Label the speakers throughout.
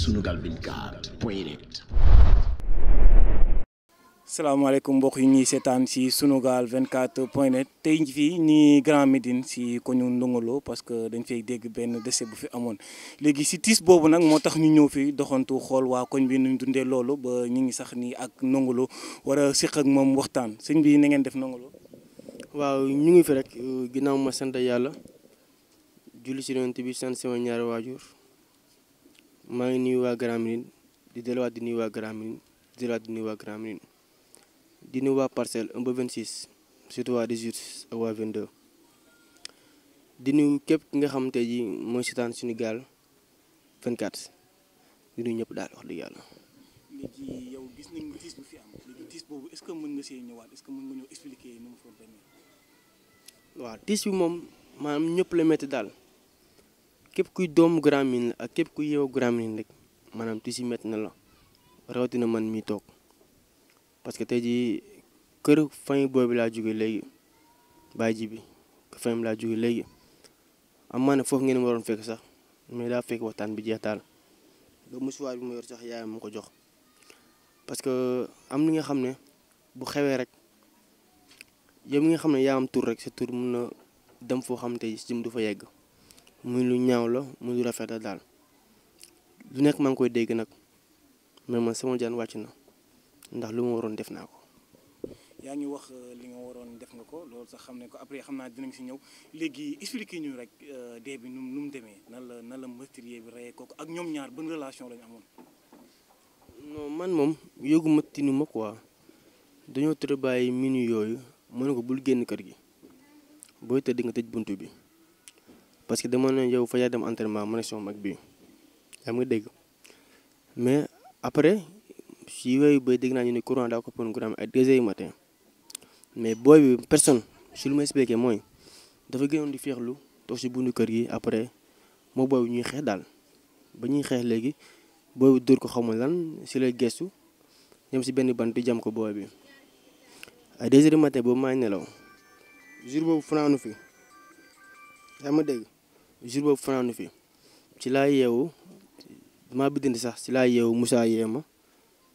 Speaker 1: Sunugal 24 point net l'information yi ñuy seetaan si Sunugal 24 point net tey fii nii Grand Médine si ko ñu Ndongolo parce que dañ fay dégg benn décès bu fi amoon léegi si tiis boobu nag moo tax ñu ñëw fi doxantu xool waa koñ bi nuñ dundee loolu ba ñu ngi sax nii ak Ndongolo war a siq moom waxtaan sëñ bi na ngeen def Ndongolo.
Speaker 2: waaw ñu ngi fi rek ginnaaw ma sant yàlla. julli si yonent bi sant sama ñaari waajur maa ngi nuyu waa Grand Médine di delluwaat di nuyu waa Grand Médine di delluwaat di nuyu waa Grand Médine di nuy waa parcelle un ba 26 surtout waa 18 ak waa 22 di nuyu képp ki nga xamante ji mooy seetaan suñu gaal 24 di nuyu ñëpp daal wax dëgg yàlla. léegi
Speaker 1: yow gis nañu tiis bu fi am léegi tiis boobu est-ce que mën nga see ñëwaat est que mën nga ñëw expliquer nu mu fa demee.
Speaker 2: waaw tiis bi moom maanaam ñëpp la métti daal képp kuy doomu Grand Médine ak képp kuy yeewoo Grand Médine rek maanaam tu si met na la rawatina man mi toog parce que tey jii kër famille boobu laa jógee léegi bàyyi ji bi kër famille laa jóge léegi am man maana foofu ngeen waroon fekk sax mais daa fekk waxtaan bi jeextaal ba musuwaar bi ma yor sax yaayam mu ko jox parce que am li nga xam ne bu xewee rek yow mi nga xam ne yaa am tur rek sa tur mun na dem foo xam te si du fa yegg muy lu ñaaw la muy lu rafet la daal lu nekk maa ngi koy dégg nag mais man sama jaan wàcc na ndax lu ma waroon def naa ko.
Speaker 1: yaa ngi wax euh, li nga waroon def nga ko loolu sax xam ne ko après xam naa dinañ si ñëw léegi expliqué ñu rek euh, dee bi nu nu mu demee nan la nan la meurtrier bi reyee kooku ak ñoom ñaar ban relation lañu amoon.
Speaker 2: non man moom yëgu ma tinu ma quoi dañoo tërë bàyyi minu yooyu mën na ko bul génn kër gi booy tëdd nga tëj bunt bi. parce que dama ne yow fa yaay dem entraînement ma ne sama mag bii yaa ngi dégg mais après si yooyu bay dégg naa ñu ne courant daa ko pon grammes ay deux heures matin mais booy bi si lu ma expliqué mooy dafa gënoon di féexlu toog si bundu kër gi après moo booy ñuy xeex daal ba ñuy xeex léegi booy bi ko xaw ma lan si gestu dem si benn bant jam ko booy bi ay deux boobu maa ngi nelaw fanaanu fi yaa ma dégg jour boobu fanaanu fi ci laa yeewu maa biddindi sax ci laa yeewu musaa yee ma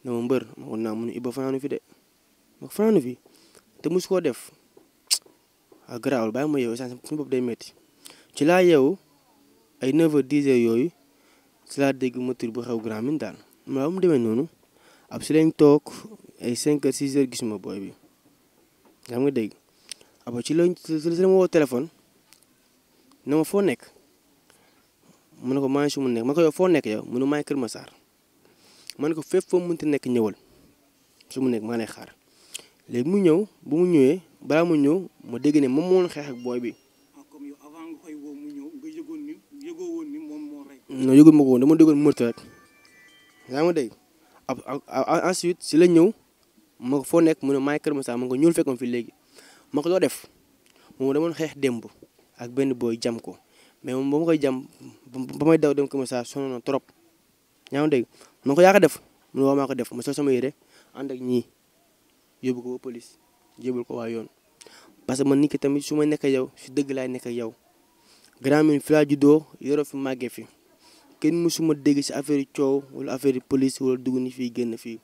Speaker 2: ne ma mbër ma ko naa mun Iba fanaanu fi de ma fanaanu fi te mus koo def ah garaawul bàyyi ma yeewu sànq suñu bopp day metti ci laa yeewu ay 9 heures 10 yooyu ci laa dégg moteur bu xew Grand Médine daal ma la mu demee noonu ab si lañ toog ay 5 heures 6 heures gisuma booy bi nga xam nga dégg aba ci lañ ci la ma woo téléphone ne ma foo nekk. mu ne ko maa ngi si mu nekk ma ko yow foo nekk yow mu ne Kër Massar ma ne ko fépp foo mënti nekk ñëwal su mu nekk maa xaar mu ñëw bu mu ñëwee balaa mu ñëw mu dégg moo xeex ak booy bi. Ah, non yëgul ma ko woon dama déggoon meurtre rek dégg ensuite si la ñëw foo nekk mu ne maa ngi Kër Massar ñuul fekkoon fii léegi ma ko loo def moom dama xeex démb ak benn booy jam ko. mais moom ba ma koy jam ba may daw dem Kër na trop yaa ngi dégg ma ko yaa ko def mu ne ko def ma sol sama yére ànd ak ñii yóbbu ko ba police jébal ko waa yoon. parce que man nit tamit su ma nekk ak yow si dëgg laay nekk ak yow Grand Médine fi laa juddoo yoroo fi màggee fi kenn ma dégg si affaire yu coow wala affaire yu police wala dugg ni fii génn fii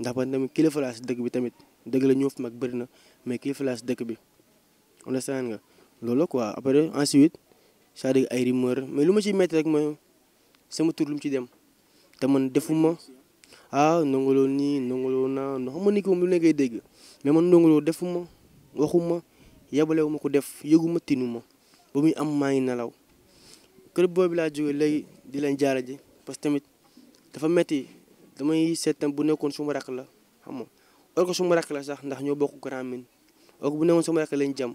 Speaker 2: ndax man tamit kilifa dëkk bi tamit dëgg la ñoo fi mag bëri na mais kilifa dëkk bi understand nga loolu quoi après ensuite. c'est-à-dire ay rumeur mais lu ma ciy métti rek mooy sama tur lu mu ci dem te man defuma ah Ndongo Lo nii Ndongo Lo naa xam nga ni ko lu ne dégg mais man Ndongo Lo defuma waxuma yabalewu ma ko def yëguma tinuma ba muy am maa ngi nelaw kër boobu laa jógee léegi di leen jaara ji parce que tamit dafa metti damay seet bu nekkoon suma rakk la xam nga or ko suma rakk la sax ndax ñoo bokk grand mine or bu nekkoon suma rakk lañ jam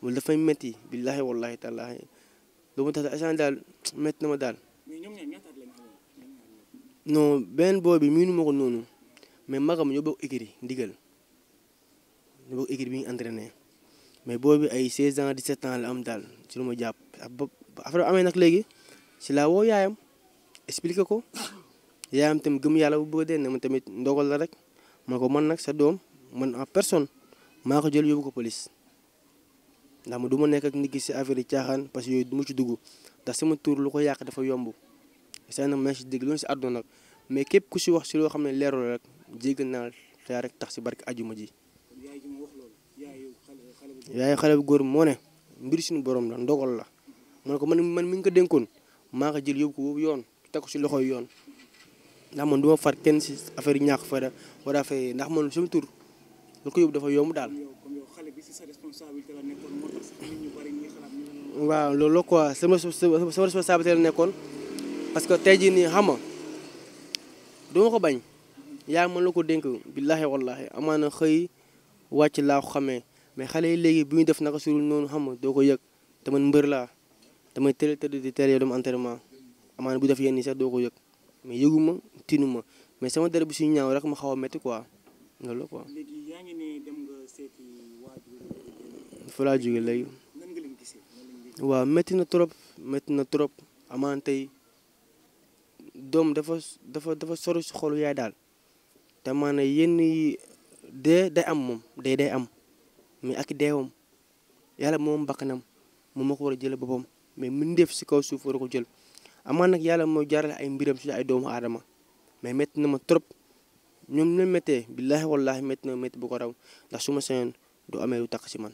Speaker 2: loolu dafay metti billaahi wallaahi loolu moo tax agent daal métti na ma daal. non benn booy bi miinu ma ko noonu mais magam ñoo bokk ndigal ñoo bokk bi ñu entraîné mais booy bi ay 16 ans 17 ans la am daal ci lu ma jàpp ba affaire amee nag léegi ci la woo yaayam expliqué ko yaayam tam gëm yàlla bu bëgg dee ne ma tamit ndogal la rek ma ko man nag sa doom man en personne maa ko jël yóbbu ko police. ndax ma du ma nekk ak nit ki si affaire yi caaxaan parce que yooyu du ma ci dugg ndax sama lu ko yàq dafa yomb say na ma si dégg mais képp ku si wax si loo xam ne leerul rek naa rek tax si barke ajuma ji yaay xale góor moo ne mbir suñu borom la ndogal la mu ko man man mi ngi ko dénkoon maa ko jël ko yoon teg si loxoy yoon ndax ma far kenn si affaire yi ñàkk fayda ndax man sama tur lu ko yóbbu dafa yomb daal waaw loolu la quoi sama sama responsabilité la nekkoon parce que tey jii nii xam doo ko bañ yaa mën la ko dénk billaahi wallaahi amaana xëy wàcc laa ko xamee mais xale yi léegi bu ñu def naka surul noonu xam doo ko yëg te man mbër laa damay tëral tëdd di teel dem amaana bu def yenn yi sax doo ko yëg mais yëguma tinuma mais sama der bi suñu ñaaw rek ma xaw a métti quoi loolu la fa laa jóge léegi waaw métti na trop métti na trop amaan tey doom dafa dafa dafa sori si xolu yaay daal te maanaam yenn yi dee day am moom day day am mais ak deewam yàlla moom bakkanam moom moo ko war a jël boppam mais mun def si kaw suuf war ko jël amaan nag yàlla mooy jaarale ay mbiram si ay doomu aadama mais métti na ma trop ñoom ñoo méttee billaahi wallaahi métti na métti bu ko raw ndax su ma sañoon du amee lu takk si man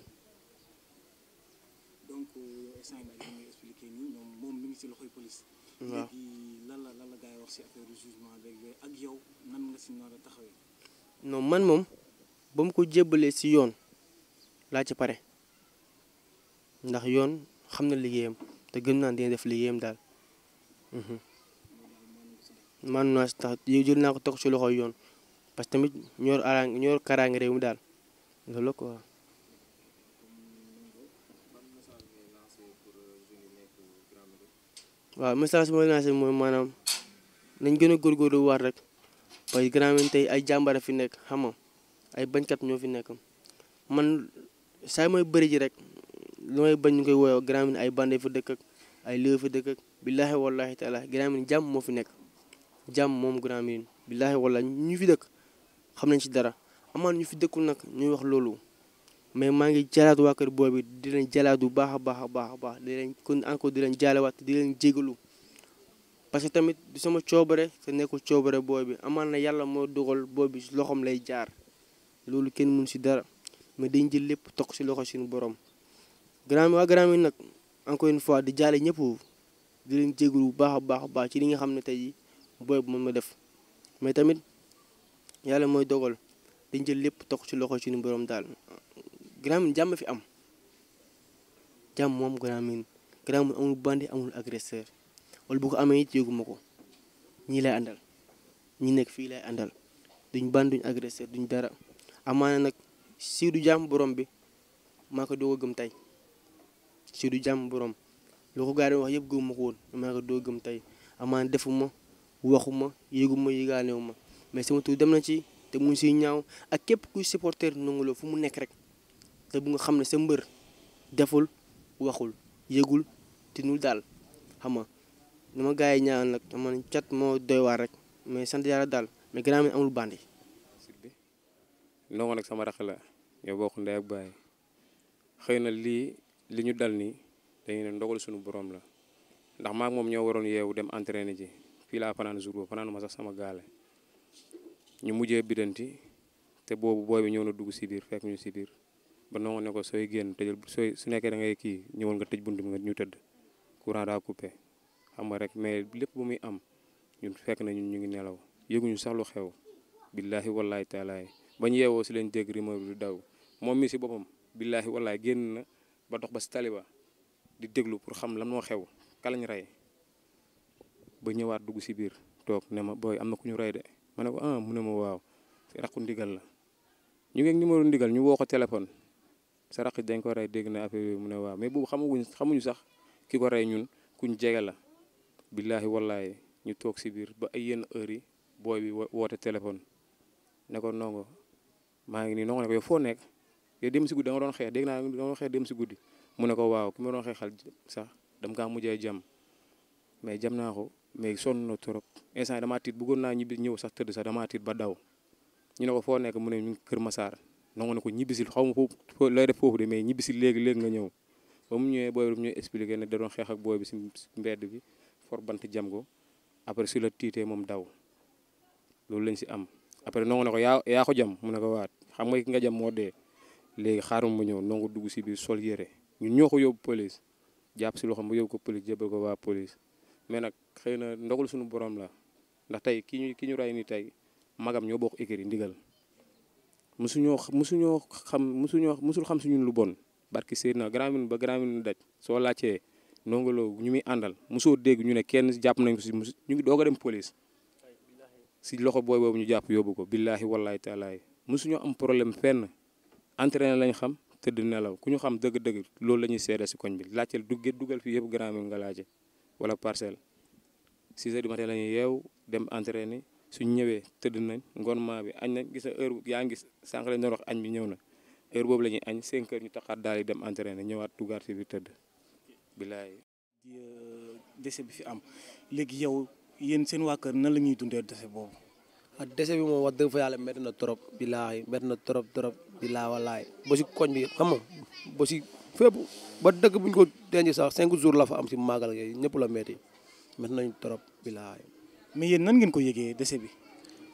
Speaker 2: waaw
Speaker 1: léegi lan lan la gars wax si affaire jugement ak yow nan nga a taxawee.
Speaker 2: man moom ba mu ko jébbalee si yoon laa ci pare ndax yoon xam na liggéeyam te gën naa dina def liggéeyam daal. Mhm. man naa si tax yow naa ko toog si loxo yoon parce que tamit ñor araang ñor karaange réew mi daal loolu la quoi. waaw message mooy mooy maanaam nañ gën a góorgóorlu war rek parce que grand tey ay a fi nekk xam ay bañkat ñoo fi nekk man saa mooy bëri ji rek lu may bañ ñu koy woyoo grand ay bande fi dëkk ay léew fi dëkk ak billaahi wallaahi taala grand jàmm moo fi nekk jàmm moom grand billaahi wallaahi ñu fi dëkk xam nañ ci dara amaan ñu fi dëkkul nag ñuy wax loolu mais maa ngi jalaat waa kër booy bi di leen jalaat bu baax a baax a baax a baax di leen kon encore di leen jaalewaat di leen jégalu parce que tamit du sama coobare te nekkul coobare booy bi amaan na yàlla moo dogal booy bi loxoom lay jaar loolu kenn mun si dara mais dañ jël lépp toog si loxo suñu borom. grand waa grand bi nag encore fois di jaale ñëpp di leen jégalu bu baax a baax a baax ci li nga xam ne tey booy bi moom ma def mais tamit yàlla mooy dogal dañ jël lépp toog si loxo suñu borom daal. Grand Médine jàmm fi am jàmm moom Grand Médine Grand Médine amul bandit amul agresseur wala bu ko amee it yëguma ko ñii lay àndal ñi nekk fii lay àndal duñ bandi duñ agresseur duñ dara amaana nag si du jàmm borom bi maa ko doog gëm tey si du jàmm borom loo ko gaa yi wax yëpp gëmuma ko woon maa ko doog a gëm tey amaana defuma waxuma yëguma yëgaanewu ma mais sama tur dem na ci te mu siy ñaaw ak képp kuy supporter nangu la fu mu nekk rek te bu nga xam ne sa mbër deful waxul yëgul tinul daal xam nga nu ma gaa yi ñaan nag man cat moo doy waar rek mais sant yàlla daal mais gannaaw mi amul bandi.
Speaker 3: ndongo nag sama rax la ñoo bokk ndey xëy na lii li ñu dal nii dañu ne ndogal sunu borom la ndax maak moom ñoo waroon yeewu dem entraîné ji fii laa fanaan jour boobu fanaan sax sama gaale ñu mujjee bidanti te boobu booy bi ñëw na dugg si biir fekk ñu si biir. ba nangoo ne ko sooy génn tëjal sooy su nekkee da ngay kii ñëwal nga tëj bunt mu nga ñu tëdd courant daa coupé xam rek mais lépp ba muy am ñun fekk na ñu ngi nelaw yëguñu sax lu xew billaahi wallaahi taalaay bañ yeewoo si lañ dégg rumeur du daw moom mi si boppam billaahi wallaahi génn na ba dox ba si taliba di déglu pour xam lan moo xew kalañ rey ba ñëwaat dugg si biir toog ne ma booy am na ku ñu rey de ma ne ko ah mu ne ma waaw raqu ndigal la ñu ngeeg numéro ndigal ñu woo ko téléphone sa dañ ko rey dégg na affaire mu ne waaw mais boobu xamaguñ xamuñu sax ki ko rey ñun kuñ jege la billaahi wallaahi ñu toog si biir ba ay yenn heures yi booy bi woote téléphone ne ko nongo maa ngi nii nongo ne foo nekk dem si guddi da doon xeex dégg naa da nga doon si guddi mu ne ko waaw ki ma doon xeexal sax dama kaa mujjee jam mais jam naa ko mais sonn na trop instant damaa tiit bëggoon naa ñibbi ñëw sax tëdd sax damaa tiit ba daw ñu ne ko foo nekk mu ne ñu Kër Masaar nangu na ko ñibbisi xaw ma foofu lay def foofu de léegi léegi nga ñëw ba mu ñëwee booy bi ñu expliqué ne da doon xeex ak bi si mbedd bi for bant jam ko après su la tiitee moom daw loolu lañ si am après nangu na ko yaa yaa ko jam mun ne ko waat xam nga ki nga jam moo dee léegi xaarum ma ñëw nangu dugg si biir sol yére ñu ñoo ko yóbbu police jàpp si loxo ba yóbbu ko police jébal ko waa police mais nag xëy na ndogul suñu borom la ndax tey ki ñu ki ñu rey ni tey magam ñoo bokk écrit ndigal musuñoo musuñoo xam musuñoo musul xam si ñun lu bon barki Seydina Grand Médine ba Grand Médine daj soo laajtee Ndongo Lo ñu muy àndal mosoo dégg ñu ne kenn jàpp nañ ko si ñu ngi doog a dem police si loxo booy ñu jàpp yóbbu ko billaahi wallaahi taalaahi musuñoo am problème fenn entraîné lañ xam tëdd nelaw ku ñu xam dëgg-dëgg loolu la ñuy seede si koñ bi laajteel dugg dugal fii yëpp Grand Médine nga laajte wala parcelle 6 heures du matin la ñuy yeew dem entraîné suñ ñëwee tëdd nañ ngoon maa bi añ nañ gis na heure yaa ngi gis sànq wax añ bi ñëw na heure boobu la ñuy añ cinq heures ñu taxaat daal di dem entraîné ñëwaat dugaat si biir tëdd bilaay di euh, décès bi fi am léegi yow yéen
Speaker 4: seen waa kër nan la ñuy dundee décès boobu ah décès bi moom wax dëgg fa yàlla métti na trop bilaay métti na trop trop bilaay walaay ba si koñ bi xam ba si fépp ba dëkk buñ ko denc sax cinq jours la fa am si màggal gi ñëpp la métti métti nañ trop bilaay mais yéen nan ngeen ko yëgee décès bi.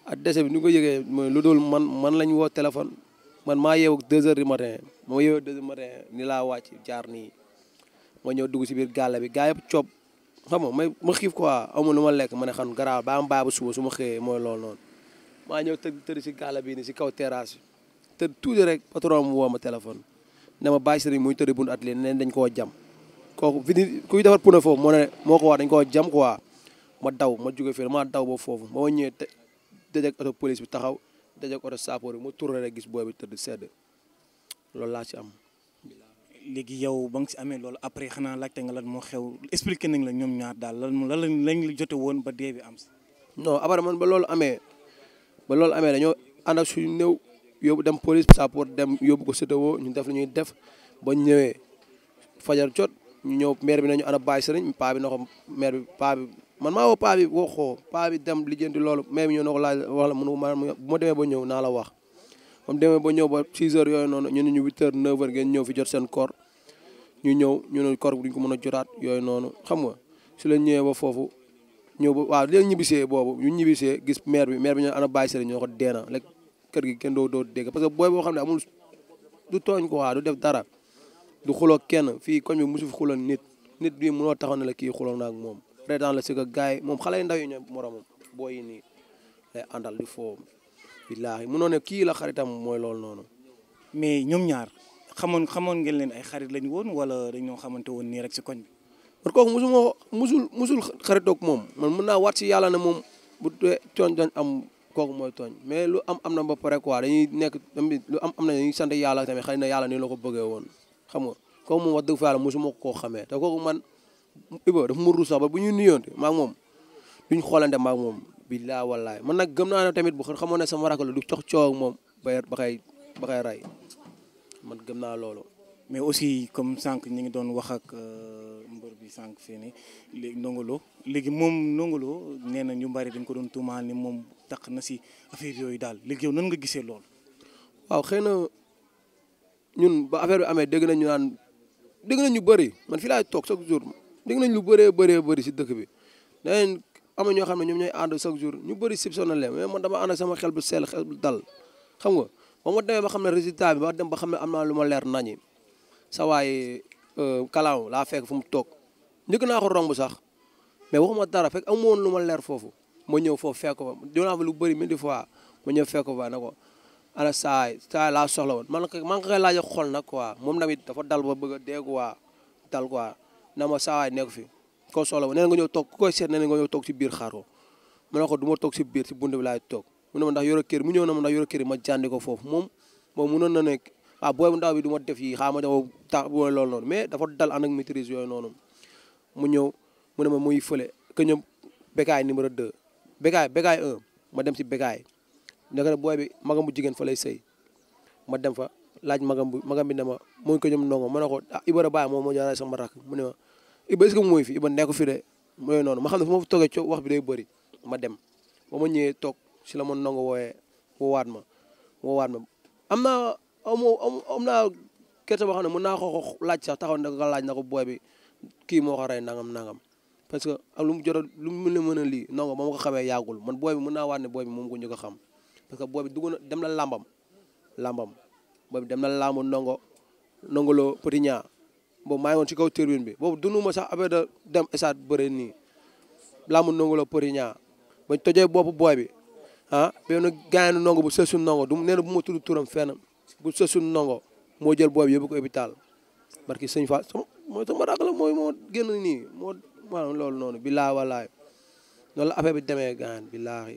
Speaker 4: ak ah, décès bi ni ko yëgee mooy lu dul man man lañ woo téléphone man maa yeewu deux heures du matin moo yeewu deux heures du matin ni laa wàcc jaar nii moo ñëw dugg si biir gàlle bi gaa yëpp coob xam nga may ma xiif quoi amul lu ma lekk ma ne xam garaaw ba am baabu suba su ma xëyee mooy loolu noonu maa ñëw tëdd tëdd si gàlle bi ni si kaw terrasse bi tëdd tuuti rek patron mu woo ma téléphone na ma bàyyi sëriñ muy tëdd bunt atelier neen dañ koo jam kooku fi kuy defar puna foofu moo ko wax dañ koo jam quoi ma daw ma jóge fii ma daw ba foofu ba ma ñëwee dajek oto police bi taxaw dajek oto sapeur bi ma tourné rek gis booy bi tëdd sedd loolu laa si am. léegi yow ba nga si amee
Speaker 1: loolu après xanaa laajte nga lan moo xew expliqué nañ la ñoom ñaar daal lan lan lañ la jote woon ba dee bi am
Speaker 4: si. non abara man ba loolu amee ba loolu amee dañoo ànd ak suñu néew yóbbu dem police sapeur dem yóbbu ko CEDEAO ñu def la ñuy def ba ñëwee fajar jot ñu ñëw maire bi nañu ana bàyyi sëriñ paa bi man maa woo paa bi waxoo paa bi dem lijjanti loolu même ñu ne ko laaj wax la mu ma bu ma demee ba ñëw naa la wax moom demee ba ñëw ba 6 heures yooyu noonu ñu ne ñu 8 heures 9 heures ngeen ñëw fi jot seen koor ñu ñëw ñu ne koor duñ ko mën a jotaat yooyu noonu xam nga si la ñëwee ba foofu ñëw ba waaw leen ñibbisee boobu ñu ñibbisee gis maire bi maire bi ñu ana bàyyi sëriñ ñu ko deena léegi kër gi kenn doo doo dégg parce que booy boo xam ne amul du tooñ ko waa du def dara du xuloo kenn fii koñ bi mosu xuloon nit nit bi mënoo taxaw ne la kii xuloo naag moom reetaan la si ko gars yi moom xale yu ndaw yi ñoom moromam boo yi nii lay àndal di foo billaahi munoo ne kii la xaritam mooy
Speaker 1: loolu noonu. mais ñoom ñaar xamoon xamoon ngeen leen ay xarit lañ woon wala dañoo xamante
Speaker 4: woon nii rek si koñ bi. parce que kooku mosuma musul musul xaritoog moom man mun naa waat si yàlla ne moom bu tooñ doon am kooku mooy tooñ mais lu am am na ba pare quoi dañuy nekk tamit lu am am na dañuy sant yàlla tamit xëy na yàlla ni la ko bëggee woon xam nga kooku moom wax dëgg fa yàlla mosuma ko xamee te kooku man. Iba dafa ma sax ba bu ñu nuyoon maa ngi moom ñu xoolante maa ngi moom billaa wallaay man nag gëm naa ne tamit bu xamoon ne sama rakk la du cox coow moom ba ba kay ba ray
Speaker 1: man gëm naa loolu. mais aussi comme sànq ñu ngi doon wax ak euh, mbër bi sànq fii nii léegi Ndongo léegi moom Ndongo nee na ñu bari dañ ko doon tuumaal ni moom taq na si yooyu daal léegi nan nga gisee loolu.
Speaker 4: waaw xëy na ñun ba affaire bi amee dégg nañ ñu naan dégg nañ ñu bëri man fii laay toog chaque jour dégg nañ lu bëree bëree bëri si dëkk bi daneen ama ñoo xam ne ñoom ñooy ànd chaque jour ñu bëri sib sona lee mais man dama ànd ak sama xel bu sel xel bu dal xam nga ba ma demee ba xam ne résultat bi ba dem ba xam ne am naa lu ma leer nañi sa waay euh, kalaaw laa fekk fu mu toog njëkk naa ko romb sax mais waxuma dara fekk amu woon lu ma leer foofu ma ñëw foofu fekk ko fa dinaa fa lu bëri mille fois ma ñëw fekk ko fa ne ko ana saay saay laa soxla woon man man ko koy laaj xol nag quoi moom tamit dafa dal ba bëgg a dee quoi dal quoi na ma saawaay nekk fi ko solo ma nee nga ñëw toog ku koy na toog si biir xaaroo ma ne ko du ma toog biir si bunt bi laay toog mu ne ma ndax yore kër mu ñëw na ma ndax yore kër ma jàndi ko foofu moom moom mënoon na nekk ah booy bu ndaw bi du ma def yi xaama dafa tax bu loolu noonu mais dafa dal ànd ak maîtrise yooyu ñëw mu ne ma muy fële que ñoom bekaay numéro 2 dem si bekaay naka booy bi magam bu jigéen fa lay sëy ma dem fa laaj magam bi magam bi ne ma mooy ko ñoom ndongo a ne ko ah Ibra Baye moom moo jaarale rakk mu ne ma Ibra est-ce mooy fi Ibra nekk fi de mooy noonu ma xam ne fu ma fa toogee coow bi day bëri ma dem ba ma ñëwee toog si la ma ndongo wooyee woowaat ma am naa am am naa gerte ne mën naa ko laaj sax taxaw na ko laaj na ko booy bi kii moo ko rey nangam nangam parce que ak lu mu jot lu mu mën a mën a lii ndongo ba ma ko xamee yàggul man booy bi mën naa waat ne booy bi moom ko ñu ko xam parce que booy bi dugg na dem la làmbam lambam boobu dem na laamu nongo ndongoloo petit ñaa boobu maa ci kaw turbine bi boobu dunu ma sax affaire de dem esaat bëre nii laamu ndongoloo petit ñaa bañ tojee boppu booy bi ah benn gaañu nongo bu sësul ndongo du nee na bu ma tudd turam fenn bu sësul ndongo moo jël booy bi yóbbu ko hôpital barki sëñ Fall sama mooy sama mooy moo génn nii moo maanaam loolu noonu billaahi wallaahi noonu la affaire bi demee gaañ billaahi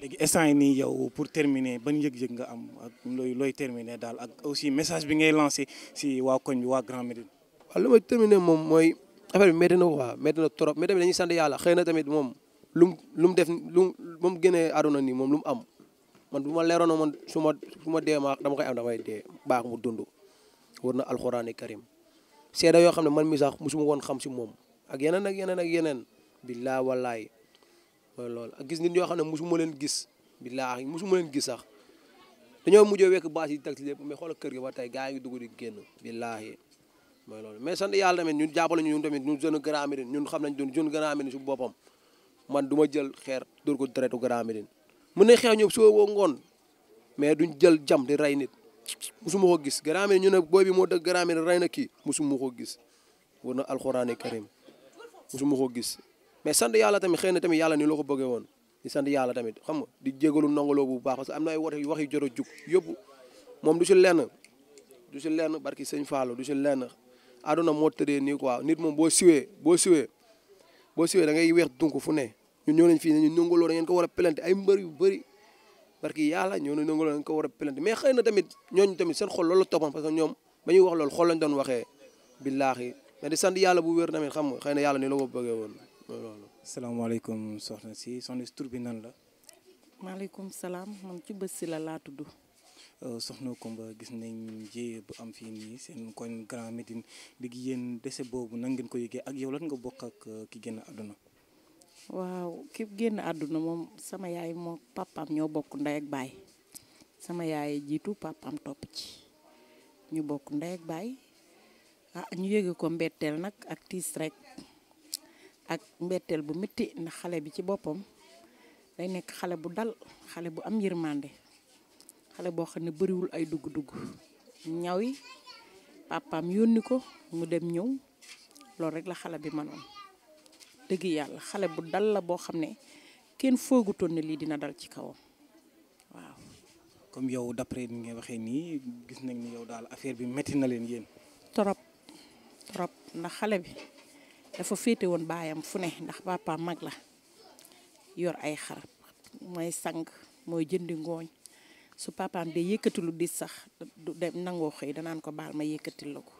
Speaker 4: léegi instant yi nii yow pour terminer ban yëg-yëg nga
Speaker 1: am ak looy looy terminer daal ak aussi message bi ngay lancé si waa koñ bi waa Grand Médine.
Speaker 4: waaw lu may terminer moom mooy affaire bi métti na waaw na trop mais tamit dañuy sant yàlla xëy na tamit moom lu mu lu mu def lu mu mu génnee àdduna nii moom lu mu am man bu ma leeroon man suma ma ma dee ma dama koy am damay dee baax mu dund war na alxuraani karim seede yoo xam ne man mi sax musuma woon xam si moom ak yeneen ak yeneen ak yeneen billaa wallaay mooy lool ak gis nit yoo xam ne mosuma leen gis billaahi mosuma leen gis sax dañoo mujjee wekk baas yi bu lépp xool a kër gi ba tey gaa yi ngi dugg di génn billaahi mooy loolu mais sant yàlla tamit ñun jàppale ñu ñun tamit ñun jeune Grand Médine ñun xam nañ doon jeune Grand Médine su boppam man du ma jël xeer dóor ko deretu Grand Médine mën na xeex ñoom soo ngoon mais duñ jël jam di rey nit musuma ko gis Grand ñu ne booy bi moo dëgg Grand Médine rey na kii musuma ko gis war na alxuraane karim musuma ko gis mais sant yàlla tamit xëy na tamit yàlla ni la ko bëggee woon di sant yàlla tamit xam nga di jégalu nongaloo bu baax parce que am na wax wax jot a jug yóbbu moom du si lenn du si lenn barki sëñ Fallou du si lenn àdduna moo tëddee nii quoi nit moom boo siwee boo siwee boo siwee da ngay weex dunk fu ne ñun ñoo nañ fii ne ñu nongaloo da ngeen ko a plante ay mbër yu bëri barki yàlla ñoo nañ nongaloo da a plante mais xëy na tamit ñooñu tamit seen xol loolu toppoon parce ñu ñoom ba ñuy wax loolu xol lañ doon waxee billaahi mais di sant yàlla bu wér xam nga xëy na yàlla ni la ko bëggee woon loolu salaamaaleykum soxna si soxna si tur bi nan la.
Speaker 5: maaleykum salaam man ci bës si la laa tudd.
Speaker 1: Euh, soxna Kumba gis nañ jéye bu am fii nii seen koñ Grand Médine léegi yéen dese boobu nangeen ko yëgee ak yow nga bokk ak euh, ki génn àdduna.
Speaker 5: waaw ki génn àdduna moom sama yaay moo papaam ñoo bokk ndey ak baay sama yaay jiitu papaam topp ci ñu bokk ndey ak baay ah ñu yëge ko mbetteel nag ak tiis rek. ak mbetteel bu metti ndax xale bi ci boppam day nekk xale bu dal xale bu am yërmande xale boo xam ne bariwul ay dugg-dugg ñaw yi papaam yónni ko mu dem ñëw loolu rek la xale bi manoon dëgg yàlla xale bu dal la boo xam ne kenn foogutoon ne lii dina dal ci kawam waaw. comme
Speaker 1: yow d'après ni nga waxee nii gis nañ ni yow daal affaire bi metti na leen yéen.
Speaker 5: trop trop ndax xale bi. dafa féete woon baayam fu ne ndax papa mag la yor ay xar mooy sang mooy jëndi ngooñ su papaam de yëkkati di sax du dem nangoo xëy danaan ko baal ma yëkkatil la ko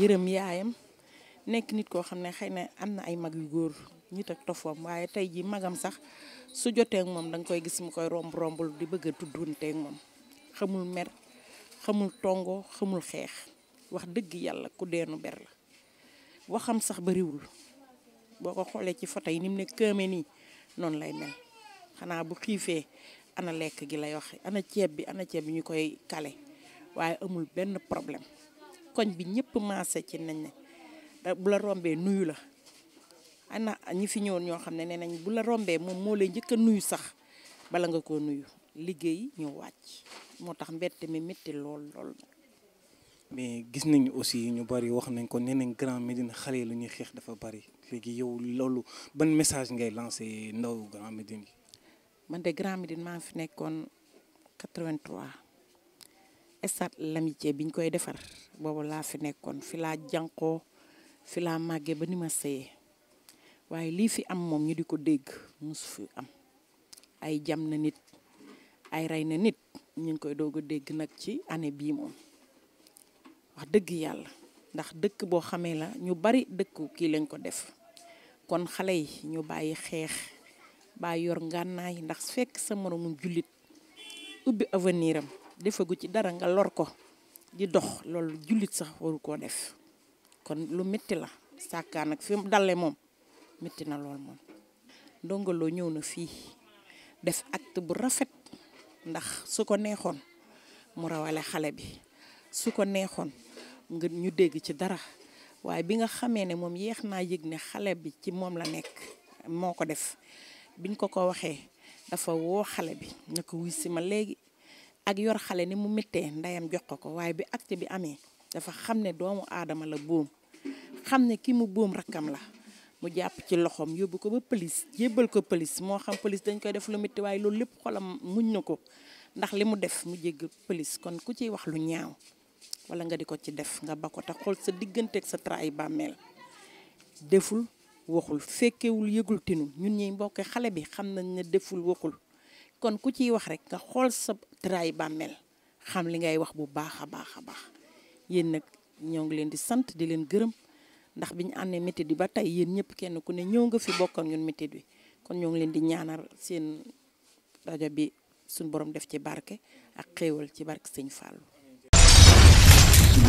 Speaker 5: yërëm yaayam nekk nit koo xam ne xëy na am na ay mag yu góor ñit ak tofoom waaye tey ji magam sax su jotee moom danga koy gis mu koy romb rombul di bëgg a tuddunteeg moom xamul mer xamul tongo xamul xeex wax dëgg yàlla ku deenu ber la waxam sax bariwul boo ko xoolee ci photo yi nim mu ne këme nii noonu lay mel xanaa bu xiifee ana lekk gi lay wax ana ceeb bi ana ceeb bi ñu koy kale waaye amul benn problème koñ bi ñëpp maase ci nañ ne bu rombee nuyu la ana ñi fi ñëwoon ñoo xam ne nee nañ bu la rombee moom moo lay njëkk a nuyu sax bala nga koo nuyu liggéey ñu wàcc moo tax mbett mi métti lool lool
Speaker 1: mais gis nañu aussi ñu bari wax nañ ko nee nañ Grand Médine xale lu ñuy xeex dafa bari léegi yow loolu ban message ngay lancé
Speaker 5: ndaw Grand Médine yi. man de Grand Médine maa fi nekkoon 83 stade l'amitié biñ koy defar boobu laa fi nekkoon fi laa jànkoo fi laa màggee ba ni ma seyee waaye lii fi am moom ñu di ko dégg musu fi am ay jam na nit ay rey na nit ñu ngi koy dogg a dégg nag ci année bii moom. wax dëgg yàlla ndax dëkk boo xamee la ñu bari dëkku kii lañ ko def kon xale yi ñu bàyyi xeex bàyyi yor ngànnaay ndax fekk sa moroomu jullit ubbi avenir am defagu ci dara nga lor ko di dox loolu jullit sax waru koo def kon lu métti la sàkkaa fi mu dalee moom metti na lool moom Ndongo loo ñëw na fii def acte bu rafet ndax su ko neexoon mu rawale xale bi su ko neexoon nga ñu dégg ci dara waaye bi nga xamee ne moom yéex naa yëg ne xale bi ci moom la nekk moo ko def biñ ko ko waxee dafa woo xale bi na ko wuy si ma léegi ak yor xale ni mu méttee ndeyam jox ko ko waaye bi acte bi amee dafa xam ne doomu aadama la boom xam ne ki mu boom rakkam la mu jàpp ci loxoom yóbbu ko ba police jébbal ko police moo xam police dañ koy def lu métti waaye loolu lépp xolam muñ na ko ndax li mu def mu jégg police kon ku ci wax lu ñaaw wala nga di ko ci def nga ba ko te xool sa digganteeg sa tra ay bàmmeel deful waxul fekkewul yëgul tinu ñun ñuy mbokk xale bi xam nañ ne deful waxul kon ku ciy wax rek nga xool sa traay bàmmeel xam li ngay wax bu baax a baax a baax yéen nag ñoo ngi leen di sant di leen gërëm ndax bi ñu àndee métit bi ba tey yéen ñëpp kenn ku ne ñëw nga fi bokk ak ñun métit bi kon ñoo ngi leen di ñaanal seen rajo bi suñ borom def ci barke ak xéewal ci barke sëñ Fallou